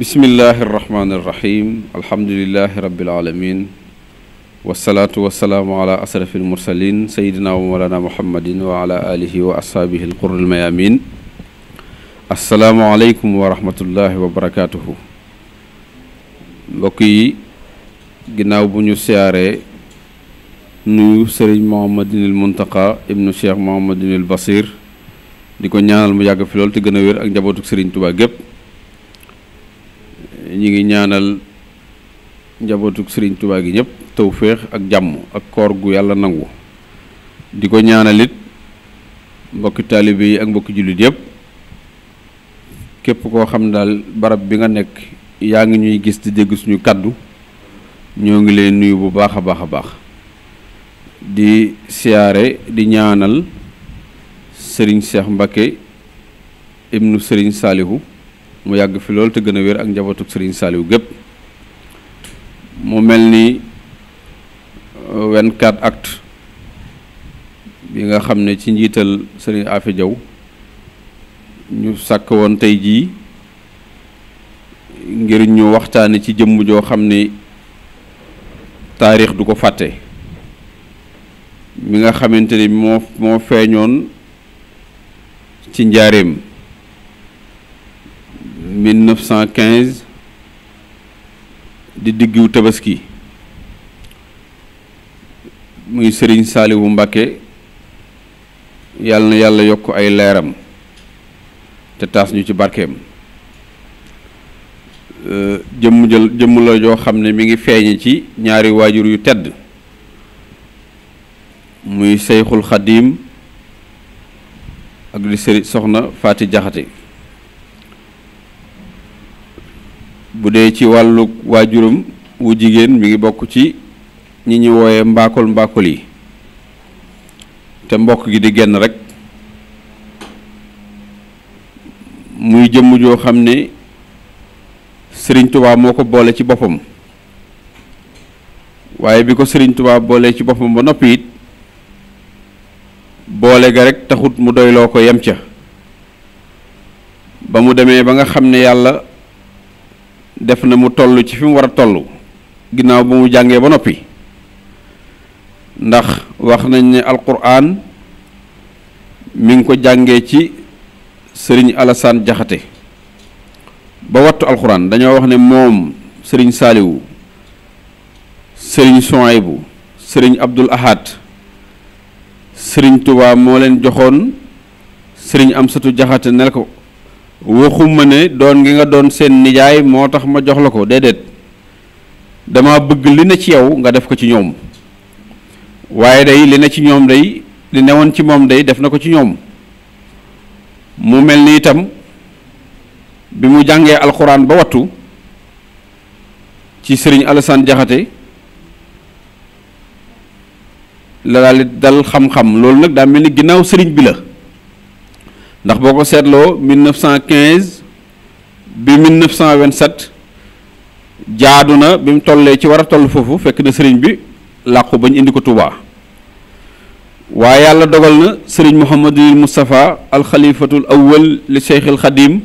bismillahi irrahmani irrahim alhamdulilahi rabilalamin wasalaatu wasalaamu ala asrafi almursalin sayidina wa molana muhammadin wa ala alihi wa ashaabihi alqurul mayamin asalaamualeykum wa rahmatullahi wa barakatuhu mbokk yi ginnaaw bu ñu siyaaree nuyu sëriñ mohamadinil muntaqa ibnu cheikh mohamadinil basir di ko ñaanal mu yàgg fi lool te gën a wér ak njabootuk sëriñ tubaa gépp ñi ngi ñaanal njabootuk sëriñ Tuubaa gi ñëpp tawféex ak jàmm ak koor gu yàlla nangu di ko ñaanal it mbokki taalibe yi ak mbokki jullit yëpp képp koo xam daal barab bi nga nekk yaa ngi ñuy gis di dégg suñu kàddu ñoo ngi leen nuyu bu baax a baax a baax di siyaare di ñaanal sëriñ seex Mbacké ibnu sëriñ Saalihu mu yàgg fi loolu te gën a wér ak njabootuk sëriñ Saliou gépp mu mel ni 24 act bi nga xam ne ci njiital sëriñ Afe Jaw ñu sàkk woon tey jii ngir ñu waxtaane ci jëmm joo xam ne taarix du ko fàtte mi nga xamante ni moo moo feeñoon ci njaareem 1915 di diggu tabaski muy sëriñ Saaliwu Mbàkke yàlla na yàlla yokk ay leeram te taas ñu ci barkeem euh, jëmm jël jëmm la joo xam ne mi ngi feeñe ci ñaari waajur yu tedd muy Seyxul Xadiim ak di sëriñ soxna Faati Jaxate bu dee ci wàllu waa waajuram wu jigéen mi ngi bokk ci ñi ñuy wooyee mbaakol mbaakol yi te mbokk gi di génn rek muy jëmm joo xam ne Sëriñ tubaab moo ko boole ci boppam waaye bi ko Sëriñ Tubaa boole ci boppam ba noppi it boole ga rekk taxut mu doyloo ko yem ca ba mu demee ba nga xam ne yàlla def na mu toll ci fi mu war a toll ginnaaw ba mu jàngee ba noppi ndax wax nañ ne alquran mi ngi ko jàngee ci sëriñ Alassane Jaxate ba wattu alquran dañoo wax ne moom sëriñ Saaliwu sëriñ Suwaybu sëriñ Abdul Ahad sëriñ tubaab moo leen joxoon sëriñ Amsatu Jaxate ne ko waxuma ne doon ngi nga doon seen nijaay moo tax ma jox la ko déedéet dama bëgg li ne ci yow nga def ko ci ñoom waaye day li ne ci ñoom day li newoon ci moom day def na ko ci ñoom mu mel ni itam bi mu jàngee alxuraan ba wattu ci sëriñ Alassane Jaxate la daal dal xam-xam loolu nag daa mel ni ginnaaw sëriñ bi la ndax boo ko seetloo 1915 bi 1927 jaadu na bi mu tollee ci war a toll foofu fekk na sëriñ bi làqu bañ indi ko Touba waaye yàlla dogal na sëriñ Mouhamadul Moustapha alxalifatul awwal li Cheikhul Xadim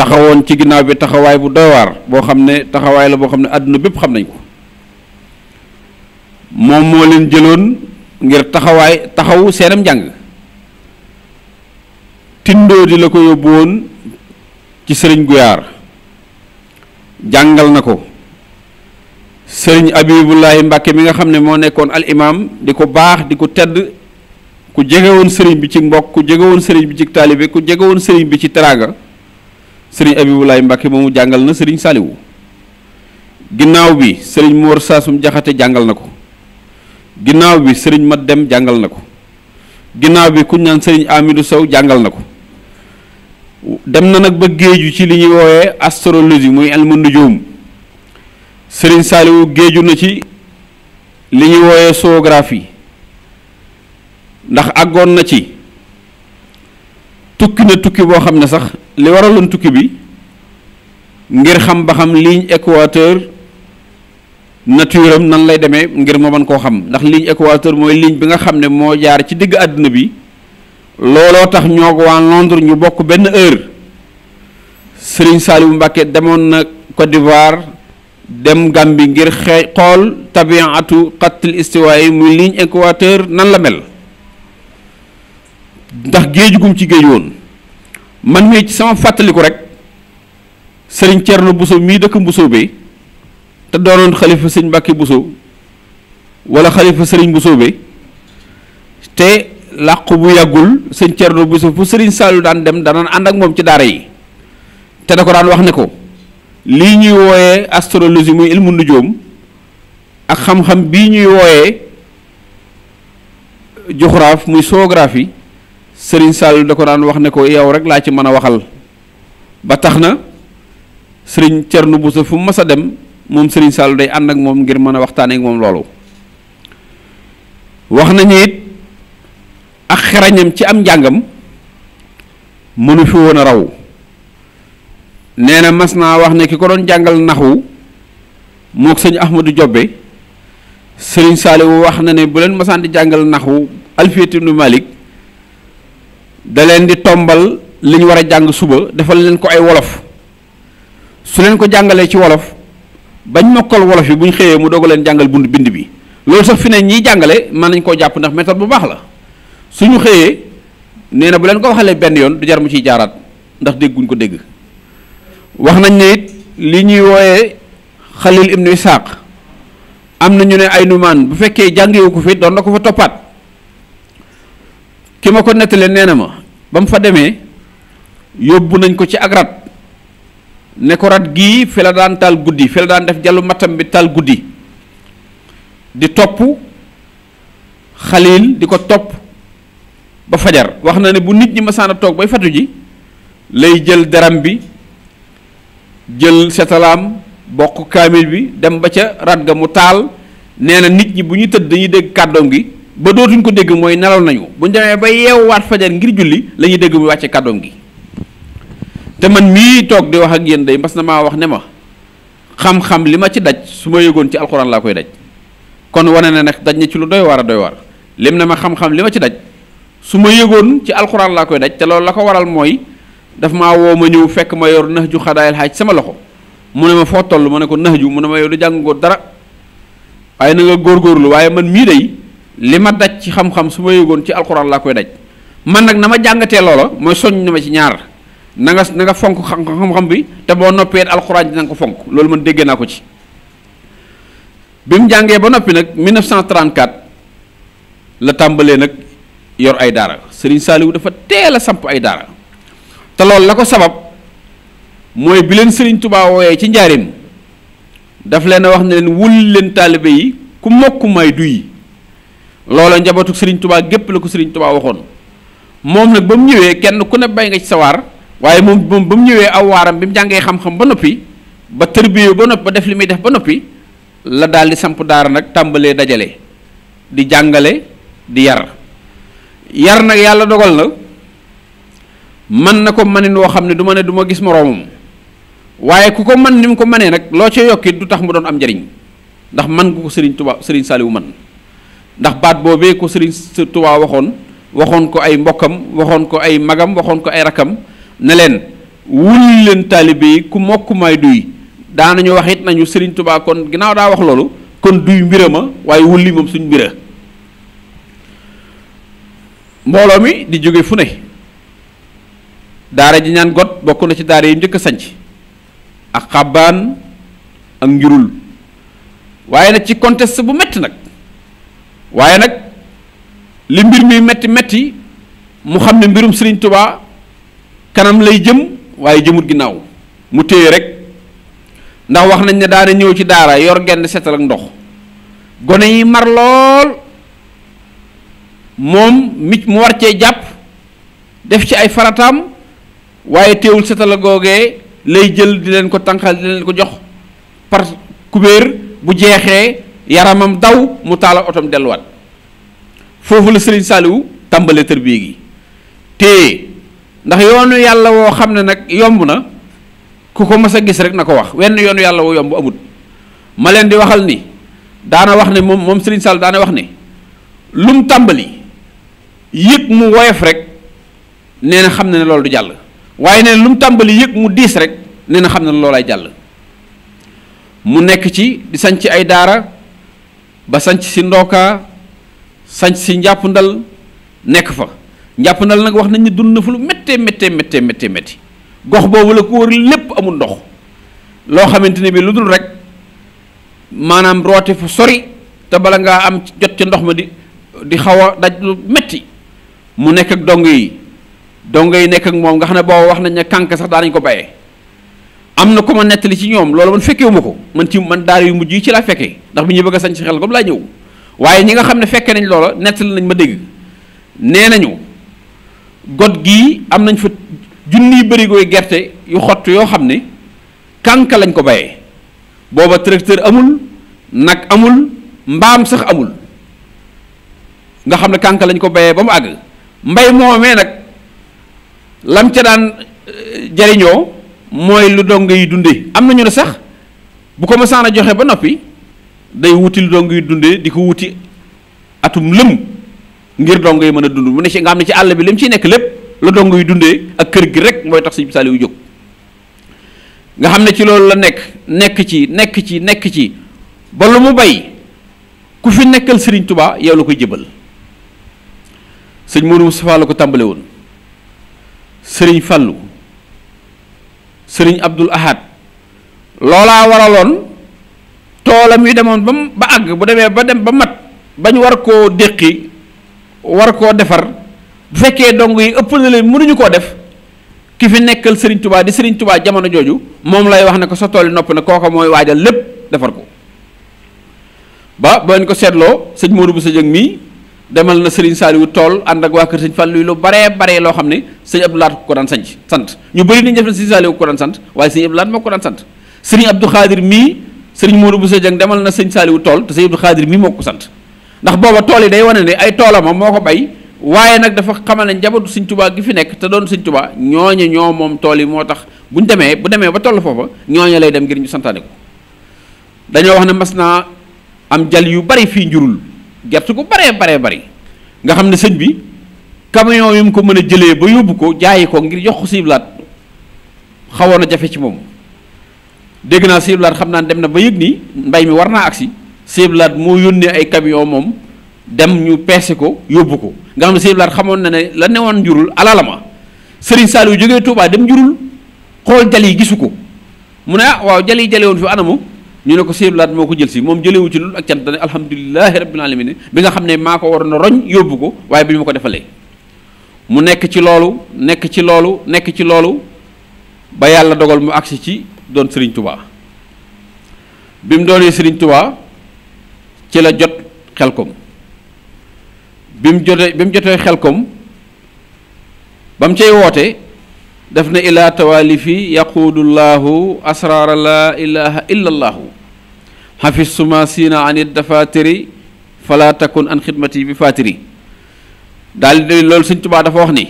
taxawoon ci ginnaaw bi taxawaay bu doy boo xam ne taxawaay la boo xam ne àdduna bépp xam nañ ko moom moo leen jëloon ngir taxawaay taxawu seenam njàng tindoo di la ko yóbbu ci sëriñ guyaar jàngal na ko sëriñ abibulaahi mbàkke mi nga xam ne moo nekkoon al imaam di ko baax di ko tedd ku jege woon sëriñ bi ci mbokk ku jege sëriñ bi ci taalibe ku jege woon sëriñ bi ci teraanga sëriñ abibulaahi mbàkke moomu jàngal na sëriñ saaliwu ginnaaw bi sëriñ moor saasum jaxate jàngal na ko ginnaaw bi sëriñ mat dem jàngal na ko ginnaaw bi kuñ naan sëriñ amidu sow jàngal na ko dem na nag ba géeju ci li ñuy woowee astrologie muy ilmu nujum Serigne Saliou géeju na ci li ñuy woowee géographie ndax àggoon na ci tukki na tukki boo xam ne sax li waraloon tukki bi ngir xam ba xam liiñ équateur nature am nan lay demee ngir ma mën koo xam ndax ligne équateur mooy ligne bi nga xam ne moo jaar ci digg àdduna bi looloo tax ñoog waa Londres ñu bokk benn heure Serigne Saliou Mbacké demoon na Côte d'Ivoire dem bi ngir xee xool tabiatu atu istiwa yi muy ligne équateur nan la mel ndax géeju gum ci géej woon man mii ci sama rek sëriñ Thierno Bousso mii dëkk Bousso bi te doonoon xalifa sëriñ Mbàkke Bousso wala xalifa sëriñ Bousso bi te làqu bu yàggul sëñ Thierno Bousso fu sëriñ Saliou daan dem danaan ànd ak moom ci daara yi te da ko daan wax ne ko lii ñuy wooyee astrologie muy ilmu nujoom ak xam-xam bii ñuy wooyee joxraaf muy géographie sëriñ Saliou da ko daan wax ne ko yow rek laa ci mën a waxal ba tax na sëriñ Thierno Bousso fu mas a dem moom sëriñ Saliou day ànd ak moom ngir mën a waxtaanee ak moom loolu wax nañu it ak xerañam ci am njàngam mënu fi woon a raw nee na mas naa wax ne ki ko doon jàngal naxwu mook sëñ Ahmadou Jobbe sëriñ Saaliwu wax na ne bu leen masaan di jàngal naxwu Alfiyat ibnu Malik da leen di tombal li ñu war a jàng suba defal leen ko ay wolof su leen ko jàngalee ci wolof bañ mokkal wolof yi bu ñu xëyee mu doog leen jàngal bund bind bi loolu sax fi ne ñiy jàngale mën nañ koo jàpp ndax méthode bu baax la su suñu xëyee nee na bu leen ko waxalee benn yoon du jarmu mu ciy jaaraat ndax dégguñ ko dégg wax nañ ne it li ñuy wooyee xalil ibnu isaaq am na ñu ne ay numaan bu fekkee jàngewu ko fi doon na ko fa toppaat ki ma ko nettalee nee na ma ba mu fa demee yóbbu nañ ko ci ak rat ne ko rat gii fi la daan taal guddi fi la daan def jallu mattam bi taal guddi di topp xalil di ko topp ba fajar wax na ne bu nit ñi a toog bay fatu ji lay jël daram bi jël setalaam bokk kaamil bi dem ba ca rat ga mu taal nee na nit ñi bu ñu tëdd dañuy dégg kàddoom gi ba dootuñ ko dégg mooy nelaw nañu bu ñu demee ba waat fajar ngir julli la ñuy dégg muy wàcce kàddoom gi te man mii toog di wax ak yéen day mas na maa wax ne ma xam-xam li ma ci daj su ma yëgoon ci alxuraan laa koy daj kon wane na ne daj na ci lu doy war a doy waar lim na ma xam li ma ci daj su ma yëgoon ci alxuraan laa koy daj te loolu la ko waral mooy dafa maa woo ma ñëw fekk ma yor nax ju xadaayal xaaj sama loxo mu ne ma foo tollu ma ne ko nax ju mu ne ma yor du jàng dara waaye na góor góorlu waaye man mii day li ma daj ci xam-xam su ma yëgoon ci alxuraan laa koy daj man nag na ma jàngatee loola mooy soññ na ma ci ñaar na nga na nga fonk xam-xam bi te boo noppee alxuraan ji na ko fonk loolu man dégg naa ko ci bi mu jàngee ba noppi nag 1934 la tàmbalee nag. yor ay daara Serigne Saliou dafa teel a samp ay daara te loolu la ko sabab mooy bi leen Serigne Touba wooyee ci njaarim daf leen wax ne leen wul leen taalibe yi ku mokk may du yi loola njabootu Serigne Touba gépp la ko Serigne Touba waxoon moom nag ba mu ñëwee kenn ku ne bay nga ci sawaar waaye moom ba mu ñëwee aw waaram bi mu jàngee xam-xam ba noppi ba tërbiyee ba nopp ba def li muy def ba noppi la daal di samp daara nag tàmbalee dajale di jàngale di yar. yar nag yàlla dogal na man na ko manin woo xam ne du ne du ma gis moroomam waaye ku ko man ni mu ko manee nag loo ca yokkit du tax mu doon am njariñ ndax man gu ko sëriñ tubaab sëriñ Saaliwu man ndax baat boobee ko sëriñ Tuubaa waxoon waxoon ko ay mbokkam waxoon ko ay magam waxoon ko ay rakam ne leen wul leen taalibe yi ku mokk may duy daanañu wax it nañu sëriñ Tuubaa kon ginnaaw daa wax loolu kon duy mbira ma waaye wulli moom suñ mbira mbooloo mi di jóge fu ne daara ji ñaan got bokku na ci daara yi njëkk a sanc ak xabaan ak njurul waaye nag ci contest bu metti nag waaye nag li mbir mi metti metti mu xam ne mbirum Serigne Touba kanam lay jëm waaye jëmut ginnaaw mu téye rek ndax wax nañ ne daana ñëw ci daara yor genn setal ak ndox gone yi mar lool moom mi mu war cee jàpp def ci ay farataam waaye teewul setala googee lay jël di leen ko tànqal di leen ko jox par kubéer bu jeexee yaramam daw mu taala otom delluwaat foofu la Serigne Saliou tàmbalee tërbiye gi te ndax yoonu yàlla woo xam ne nag yomb na ku ko mas a gis rek na ko wax wenn yoonu yàlla woo yomb amut ma leen di waxal ni daana wax ne moom moom Serigne Saliou daana wax ne lum tàmbali yëg mu woyof rek nee na xam na ne loolu du jàll waaye nee na lu mu tàmbali yëg mu diis rek nee na xam na loolu ay jàll mu nekk ci di sanc ay daara ba sanc si ndookaa sanc si njàpp ndal nekk fa njàpp ndal nag wax nañ ne dund na fu lu méttee méttee méttee méttee métti gox boobu la ko lépp amul ndox loo xamante ne bi lu dul rek maanaam roote fu sori te bala ngaa am jot ca ndox ma di di xaw a daj lu métti mu nekk ak dong yi dong yi nekk ak moom nga xam ne booba wax nañ ne kànk sax daanañ ko bayee am na ko ma nettali ci ñoom loolu man fekkewu ma ko man ci man daara yu mujj yi ci laa fekkee ndax bi ñu bëgg a sañ si xel comme laa ñëw waaye ñi nga xam ne fekkee nañ loola nettali nañ ma dégg nee nañu got gii am nañ fa junniy bërigooy gerte yu xott yoo xam ne kànk lañ ko bayee booba tracteur amul nag amul mbaam sax amul nga xam ne kànk lañ ko bayee ba mu àgg mbay moomee nag lam ca daan euh, jariñoo mooy lu dong yi dunde am nañu ne sax bu ko masaan a joxe ba noppi day wuti lu dong yi dunde di ko wuti atum lëm ngir dong yi mën a dund mu ne ci nga xam ne ci àll bi lim ci nekk lépp lu dongo yi dundee ak kër gi rek mooy tax Sëriñ Saaliw jóg nga xam ne ci loolu la nekk nekk ci nekk ci nekk ci ba lu mu bay ku fi nekkal Sëriñ Tubaa yow la koy jëbal sëñ Modou Moustapha la ko tàmbale woon sëriñ Fàllu sëriñ Abdul Ahad loola waraloon toolam yi demoon ba ba àgg bu demee ba dem ba mat bañ war koo déqi war koo defar bu fekkee dong yi ëpp na leen mënuñu koo def ki fi nekkal sëriñ tubaa di sëriñ tubaa jamono jooju moom lay wax ne ko sa tool yi nopp na kooka mooy waajal lépp defar ko ba boo leen ko seetloo sëñ Modou sa Dieng mii demal na Serigne Saliou tool ànd ak waa kër sëñ Fallou lu baree bare loo xam ne sëñ Abdou Lahad ko daan sanc sant ñu bëri nañ def na sëñ Saliou ko daan sant waaye sëñ moo ko daan sant Serigne Abdou Khadir mii Serigne Modou Bousso Dieng demal na sëñ Saliou tool te sëñ Abdou Khadir moo ko sant ndax booba tool yi day wane ne ay toolama moo ko bay waaye nag dafa xamal ne njabootu sëñ Tuubaa gi fi nekk te doon sëñ Tuubaa ñooñe ñoo moom tool yi moo tax bu ñu demee bu demee ba toll foofa ñooñe lay dem ngir ñu santaane ko dañoo wax ne mas naa am jal yu bari fii njurul gerte gu baree baree bari nga xam ne sëñ bi camion yi ko mën a jëlee ba yóbbu ko jaayi ko ngir jox ko siblaat xawoon a jafe ci moom dégg naa siblaat xam naa dem na ba yëg ni mbay mi war naa agsi siblaat moo yónnee ay camion moom dem ñu peese ko yóbbu ko nga xam ne siblaat xamoon na ne la newoon njurul alalama sëriñ Saliou jógee Touba dem njurul xool jal yi gisu ko mu ne ah waaw jal yi jale woon fi anamu ñu ne ko Sëñ laat moo ko jël si moom jëlewu ci loolu ak cant dane alhamdulilahi rabbil alamin bi nga xam ne maa ko war a roñ yóbbu ko waaye bi ñu ma ko defalee mu nekk ci loolu nekk ci loolu nekk ci loolu ba yàlla dogal mu agsi ci doon sëriñ Touba bi mu doonee Serigne Touba ci la jot xel xelkom bi mu jotee bi mu jotee xelkom ba mu cay woote def na ilaa tawaalifi yaquudu llaahu asraara laa ilaha illa allaahu xafis suma siina anit dafa tëri fala takun an xidmati bi faatiri daal di loolu sëñ tubaa dafa wax ni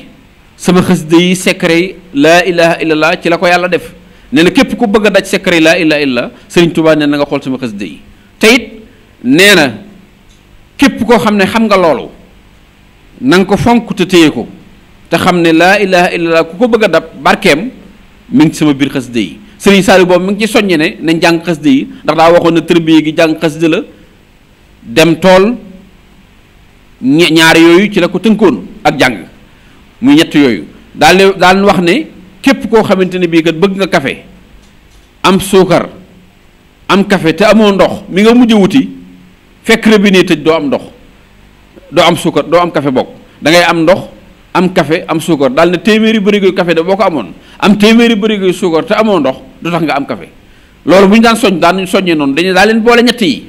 sama xasida yi secret yi laa ilaha illallah ci la ko yàlla def nee na képp ku bëgg daj secret yi laa ilaha illallah sëriñ tubaa nee na xool sama xasida yi te it nee na képp koo xam ne xam nga loolu na ko fonk te téye ko te xam ne laa ilaha illallah ku ko bëgg a dab barkeem mi sama biir xasida yi Serigne Saliou boobu mu ngi ci soññe ne nañ jàng di yi ndax daa waxoon na tërbiye gi jàng xasida la dem tool ñaar yooyu ci la ko tënkoon ak jàng mu ñett yooyu daal daal wax ne képp koo xamante ne bii kat bëgg nga kafe am suukar am kafe te amoo ndox mi nga mujj wuti fekk robinet tëj doo am ndox doo am suukar doo am kafe bokk da ngay am ndox am kafe am suukar dal ne téeméeri bërigo kafe da boo ko amoon am téeméeri bërigo suukar te amoo ndox du tax nga am café loolu bu ñu daan soñ daan ñu soññee noonu dañu daa boole ñett yi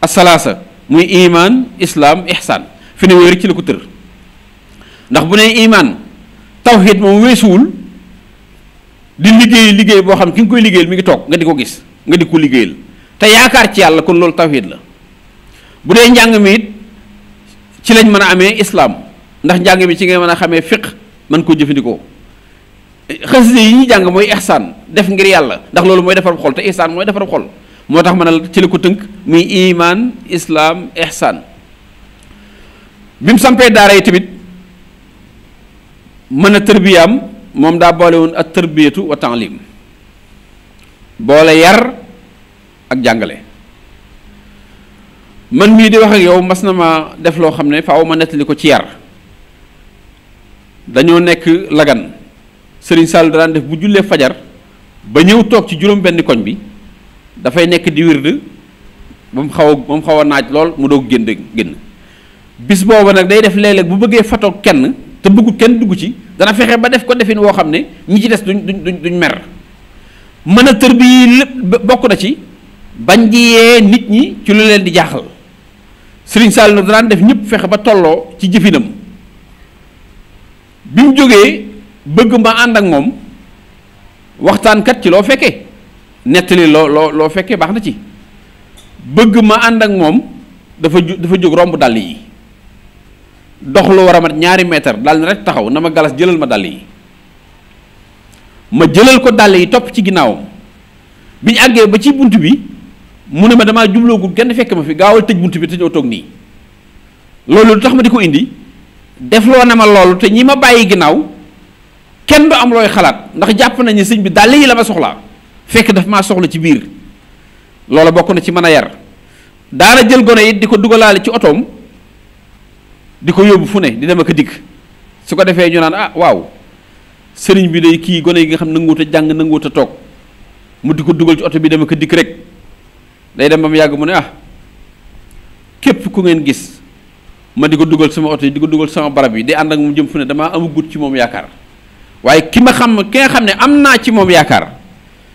asalaasa muy iman islaam ihsaan fi ne ci ko tër ndax bu ne iman tawhid moom weesuwul di liggéey liggéey boo xam ki nga koy liggéeyal mi ngi toog nga di ko gis nga di ko liggéeyal te yaakaar ci yàlla kon loolu tawhid la bu dee njàng it ci lañ mën a amee islaam ndax njàng mi ci ngay mën a xamee fiq man koo jëfandikoo xasida yi ñuy jàng mooy ihsaan def ngir yàlla ndax loolu mooy defarab xol te ihsaan mooy defarab xol moo tax ma a la ci la ko tënk muy iman islaam ihsaan bi mu sampee daara yi tamit mën a tërbiyaam moom daa boole woon ak tërbiyatu wa taalim boole yar ak jàngale man mii di wax yow mas na ma def loo xam ne fa faaw ma nettali ko ci yar dañoo nekk lagan Serigne Sall daan def bu jullee fajar ba ñëw toog ci juróom benn koñ bi dafay nekk di wird ba mu xaw ba mu xaw a naaj lool mu doog génn génn bis booba nag day def léeg bu bëggee fatoog kenn te bëggul kenn dugg ci dana fexe ba def ko defin woo xam ne ñi ci des duñ duñ duñ mer mën a tër bi lépp bokk na ci bañ di yee nit ñi ci lu leen di jaaxal sëriñ Sall nag daan def ñëpp fexe ba tolloo ci jëfinam bi mu jógee bëgg ma ànd ak moom waxtaan kat ci loo fekkee nettali loo loo loo fekkee baax na ci bëgg ma ànd ak moom dafa ju dafa jóg romb dàll yi dox lu war a mat ñaari mètre dal na rek taxaw na ma galas jëlal ma dàll yi ma jëlal ko dàll yi topp ci ginnaawam bi ñu àggee ba ci bunt bi mu ne ma damaa jubloogul kenn fekk ma fi gaawal tëj bunt bi te ñëw toog nii loolu lu tax ma di ko indi defloo na ma loolu te ñi ma bàyyi ginnaaw kenn du am looy xalaat ndax jàpp nañu sëñ bi dàll yi la ma soxlaa fekk daf maa soxla ci biir loola bokk na ci mën a yar daana jël gone yi di ko dugalaale ci otoom di ko yóbbu fu ne di dem ak dikk su ko defee ñu naan ah waaw sëriñ bi day kii gone yi nga xam nanguwut jàng nanguwut toog mu di ko dugal ci oto bi dem ak dikk rek day dem ba mu yàgg mu ne ah képp ku ngeen gis ma di ko dugal sama oto yi di ko dugal sama barab yi di ànd ak mu jëm fu ne damaa ama amagut ci moom yaakaar. waaye ki ma xam ki nga xam ne am naa ci moom yaakaar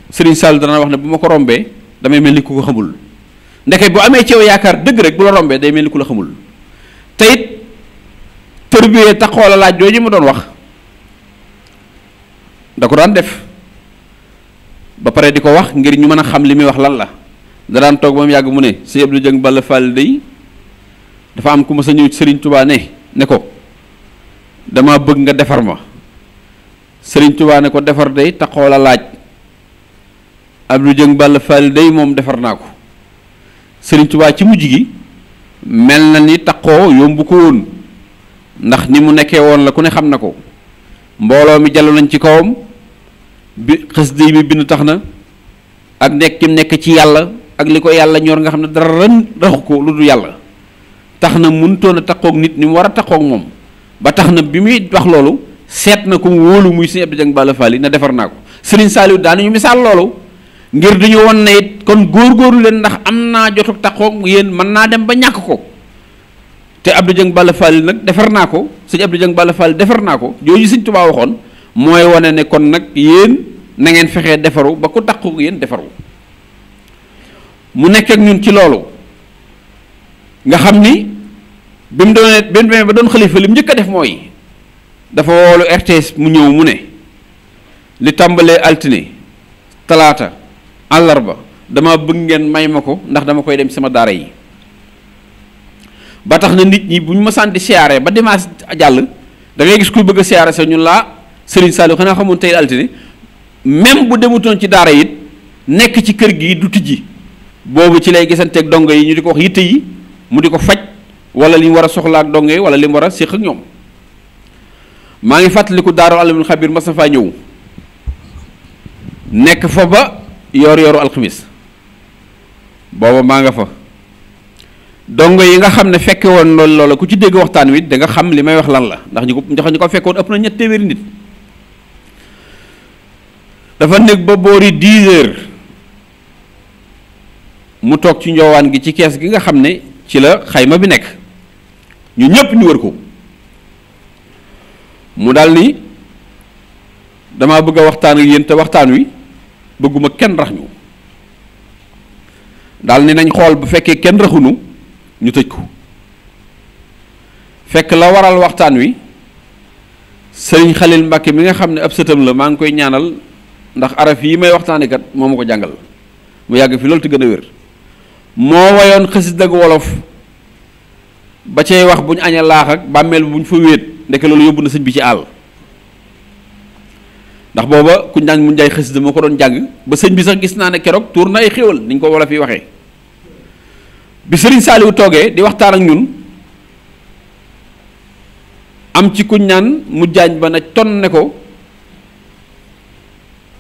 Serigne Sall dana wax ne bu ma ko rombee damay mel ni ku ko xamul ndeke bu amee ci yaakaar dëgg rek bu la rombee day mel ni ku la xamul te it tërbiyee taxoo la laaj jooju ma doon wax da ko daan def ba pare di ko wax ngir ñu mën a xam li muy wax lan la da daan toog ba mu yàgg mu ne si Abdou Dieng Balla Fall day dafa am ku ma sa ñëw sëriñ Touba ne ne ko dama bëgg nga defar ma. sëriñ Tuubaa ne ko defar day taxoo la laaj Abdou Dieng Balla Fall day moom defar naa ko sëriñ Tuubaa ci mujj gi mel na ni taxoo yombu ko woon ndax ni mu nekkee woon la ku ne xam na ko mbooloo mi jallu nañ ci kawam bi xasida bi bind tax na ak nekk nekk ci yàlla ak li ko yàlla ñor nga xam ne dara raxu ko lu du yàlla tax na mënutoon a taxoog nit ni mu war a taxoog moom ba tax na bi muy wax loolu seet na ko mu wóolu muy Serigne Abdou Dieng Balla Fally na defar naa ko Serigne daanu ñu misaal loolu ngir ñu woon ne it kon góorgóorlu leen ndax am naa jotuk taxoog yéen mën naa dem ba ñàkk ko te Abdou Dieng Balla Fally nag defar naa ko Serigne Abdou Dieng Balla Fally defar naa ko jooju Serigne Touba waxoon mooy wone ne kon nag yéen na ngeen fexee defaru ba ku taxoog yéen defaru mu nekk ak ñun ci loolu nga xam ni bi mu doonee bi mu ba doon xalifa li mu njëkk a def mooy dafa woolu RTS mu ñëw mu ne li tàmbalee altine talaata àllarba dama bëgg ngeen may ma ko ndax dama koy dem sama daara yi ba tax na nit ñi bu ñu ma santi siyaare ba dimanche jàll da gis kuy bëgg a siyaare sa ñun laa Serigne Saliou xanaa xamoon tey altine même bu demutoon ci daara it nekk ci kër gi du tijji boobu ci lay gisanteeg dongo yi ñu di ko wax yitte yi mu di ko faj walla li mu war a soxla ak dongo yi wala li mu war a séq ak ñoom maa ngi fàttaliku daaru alamul xabir Moustapha ñëw nekk fa ba yor yoru alxamis booba maa nga fa dongo yi nga xam ne fekke woon loolu loola ku ci dégg waxtaan wi da xam li may wax lan la ndax ñu ko ndax ñu ko fekkoon ëpp na nit dafa nekk ba boori 10 heures mu toog ci njoowaan gi ci kees gi nga xam ne ci la xayma bi nekk ñu ñëpp ñu wër ko mu daal ni damaa bëgg a waxtaan ak yéen te waxtaan wi bëgguma kenn rax ñu daal ni nañ xool bu fekkee kenn raxunu ñu tëj ko fekk la waral waxtaan wi sëriñ Xalil Mbàkke mi nga xam ne ab sëtam la maa ngi koy ñaanal ndax araf yi may waxtaanee kat moo ma ko jàngal mu yàgg fi loolu te gën a wér moo wayoon xësit ak wolof ba cay wax bu ñu añee laax bàmmeel bu ñu fa wéet ndeke loolu yóbbu na sëñ bi ci àll ndax booba ku ñaan mu njaay xasida moo ko doon jàng ba sëñ bi sax gis naa ne keroog tuur na ay xéwal niñ ko wala fi waxe bi sëriñ Saaliwu toogee di waxtaan ak ñun am ci ku ñaan mu jaañ ba na ton ne ko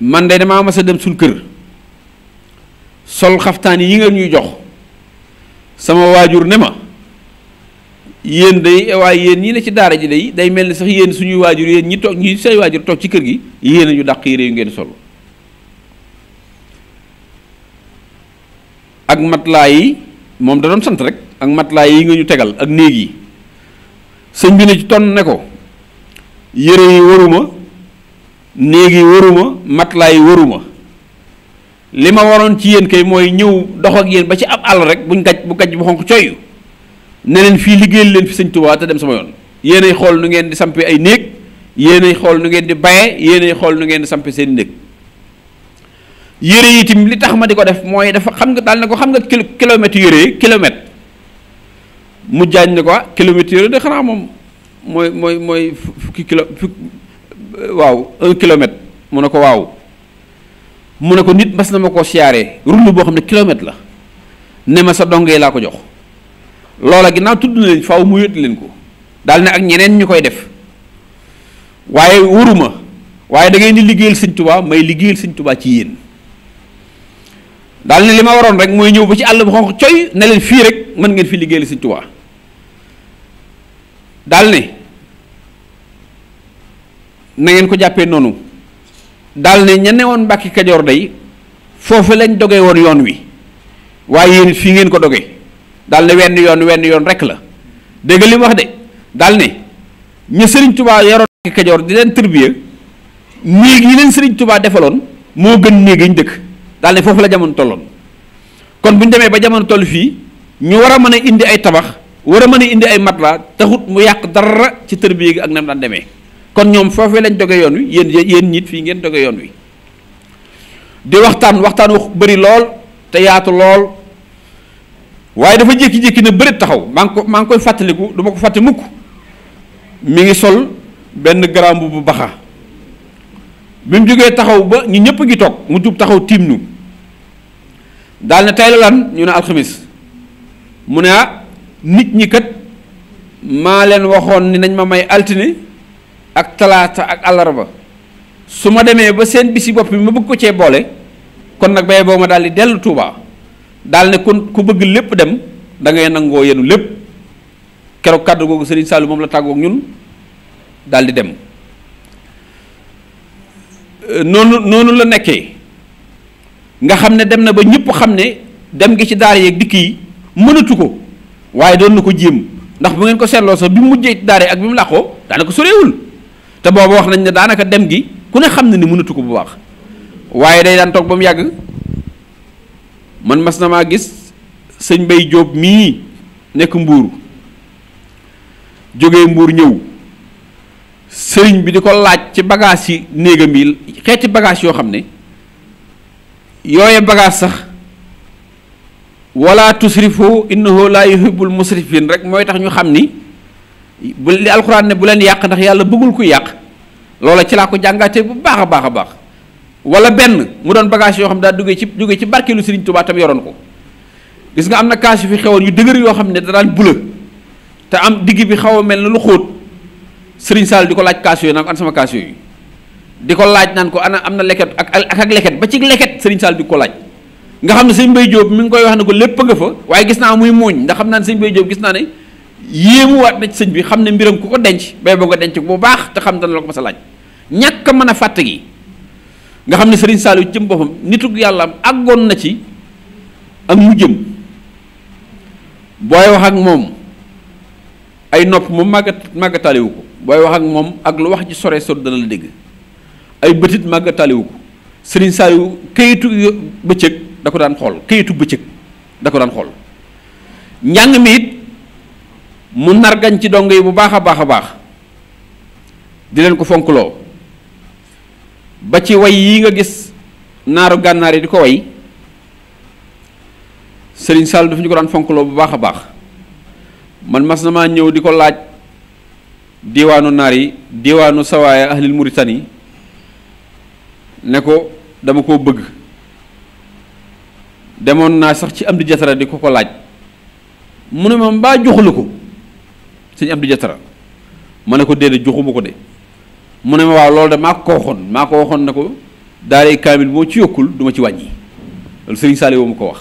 man de damaa mas dem sul kër sol xaftaan yi nga ñuy jox sama waajur ne ma yéen day waaye yéen ñi ne ci daara ji day day mel ni sax yéen suñuy waajur yéen ñi toog ñi say waajur toog ci kër gi yéene a ñu dàq yére yu ngeen solo ak matelas yi moom da doon sant rek ak matelas yi nga ñu tegal ak néeg yi sëñ bi ne ci ton ne ko yére yi waruma néeg yi waruma matelas yi waruma li ma waroon ci yéen kay mooy ñëw dox ak yéen ba ci ab àll rek buñ gaj bu gaj bu xonq coyyu ne fii liggéeyal leen fi sëñ Tuubaa te dem sama yoon yéenay xool nu ngeen di sampi ay néeg yéenay xool nu ngeen di baye yéenay xool nu ngeen di sampe seen néeg yére yi itam li tax ma di ko def mooy dafa xam nga daal na ko xam nga kilo kilomètre yére kilomètre mu jaañ ne ko ah kilomètre yére de xanaa moom mooy mooy mooy fukki kilo fukk euh, waaw mu ne ko waaw mu ne ko nit mas na ma koo siyaaree rullu boo xam ne kilomètre la ne ma sa dongee laa ko jox loola ginnaaw tudd na leen faaw mu wét leen ko daal ne ak ñeneen ñu koy def waaye waruma waaye da ngeen di liggéeyal sëñ tubaa may liggéeyal sëñ tubaa ci yéen daal ne li ma waroon rek mooy ñëw ba ci àll bu xonq coy ne leen fii rek mën ngeen fi liggéeyal sëñ tubaa daal ne na ngeen ko jàppee noonu dal ne ña ne woon mbàkki kajoor day foofu lañ doge woon yoon wi waaye yéen fii ngeen ko doge daal ne wenn yoon wenn yoon rek la dégg li mu wax de daal ne ñu Serigne Touba yoroon Kajoor di leen tërbiye néeg yi leen sëriñ tubaa defaloon moo gën néeg yi ñu dëkk daal ne foofu la jamono tolloon kon bu ñu demee ba jamono toll fii ñu war a mën a indi ay tabax war a mën a indi ay mat matelas taxut mu yàq dara ci tërbiye gi ak nam daan demee kon ñoom foofee lañ doge yoon wi yéen yéen ñit fii ngeen doge yoon wi di waxtaan waxtaan wax bëri lool te yaatu lool. waaye dafa jékki-jékki na bëri taxaw maa ngi ko maa koy fàttaliku du ko fàtte mukk mi ngi sol benn garambu bu baxa bi mu jógee taxaw ba ñu ñëpp ngi toog mu jub taxaw tiim ñu daal ne tey ñu ne alxamis mu ne ah nit ñi kat maa leen waxoon ni nañ ma may altine ak talaata ak àllarba su ma demee ba seen bisi bopp bi ma bëgg ko cee boole kon nag bay boo ma daal di dellu Touba. daal ne kon ku bëgg lépp dem da ngay nangoo yenu lépp keroog kàdd googu Serigne Saliou moom la tàggoog ñun daal di dem euh, noonu noonu la nekkee nga xam ne dem na ba ñëpp xam ne dem gi ci daara yeeg dikk yi mënatu ko waaye doon na ko jéem ndax bu ngeen ko seetloo sax bi mu mujjee daara ak bi mu làqoo ko soreewul te boobu wax nañ ne daanaka dem gi ku ne xam ne ni mënatu ko bu baax waaye day daan toog ba mu yàgg man mas na maa gis sëñ Mbay Jóob mii nekk mbuur jóge mbuur ñëw sëriñ bi di ko laaj ci bagage yi néegam yi xeeti bagaas yoo xam ne yooye bagage sax wala tusrifu innahu laa yuhibbul musrifin rek mooy tax ñu xam ni bu li alxuraan ne bu leen yàq ndax yàlla bëggul ku yàq loola ci laa ko jàngaate bu baax a baax a baax wala benn mu doon bagage yoo xam ne daa duggee ci duggee ci barkeelu Serigne Touba tam yoroon ko gis nga am na kaas yu fi xewoon yoo xam ne da bula te am digg bi xaw a mel na lu xóot Serigne Sall di ko laaj kaas yooyu naan ko sama kaas yooyu di ko laaj naan ko ana am na leket ak ak ak leket ba ci leket Serigne saal di ko laaj nga xam ne sëñ Mbaye Diop mi ngi koy wax ne ko lépp nga fa waaye gis naa muy muuñ ndax xam naa ne sëñ Mbaye Diop gis naa ne yéemuwaat na sëñ bi xam ne mbiram ku ko denc bay ba nga denc bu baax te xam dana la ko mas a laaj ñàkk mën a fàtte gi nga xam ne sëriñ Saliou jëm boppam nitug yàlla am àggoon na ci ak mu jëm booy wax ak moom ay nopp moom màggat màggataaliwu ko booy wax ak moom ak lu wax ji sore sore dana la dégg ay bëtit màggataaliwu ko sëriñ Saliou kayitu bëccëg da ko daan xool kayitu bëccëg da ko daan xool njàng mi it mu nargañ ci dong yi bu baax a baax a baax di leen ko fonkloo ba ci way yi nga gis naaru gànnaar yi di ko way Sëriñ Sall dafa ñu ko daan fonkloo bu baax a baax man mas na maa ñëw di ko laaj diwaanu naar yi diwaanu sawaaya ahlil muritani ne ko dama ko bëgg demoon naa sax ci am di jatara di ko ko laaj mu ne ma mbaa joxu ko sëñ am di jatara ma ne ko déedéet joxuma ko de mu ne ma waaw loolu de maa ko ko waxoon maa ko waxoon na ko daaray kaamil moo ci yokkul du ci wàññi loolu sëriñ Saliou mu ko wax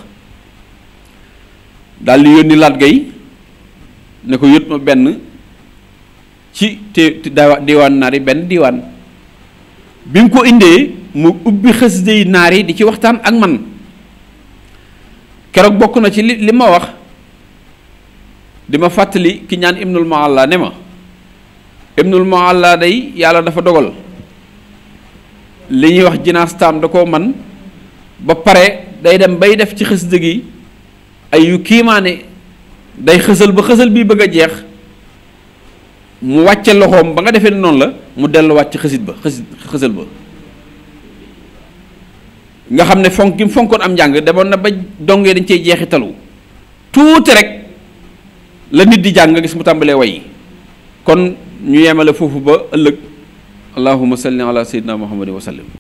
daal di yónni laat gay ne ko yót ma benn ci te diwaan naar yi benn diwaan bi mu ko indee mu ubbi xës yi naar yi di ci waxtaan ak man keroog bokk na ci li li ma wax di ma fàttali ki ñaan ibnul maalla ne ma ibnul mualla day yàlla dafa dogal li ñuy wax jinaas taam da koo man ba pare day dem bay def ci xës dëgg yi ay yu kiimaane day xësal ba xësal bi bëgg a jeex mu wàcce loxoom ba nga defee noonu la mu delluwaat ci xësit ba xësit xësal ba nga xam ne fonk gi mu fonkoon am njàng demoon na ba dongee dañ cey jeexitalu tuuti rek la nit di jàng nga gis mu tàmbalee way kon ñu yemale foofu ba ëllëg allahuma salli ala sayyidina muhammadin wa sallim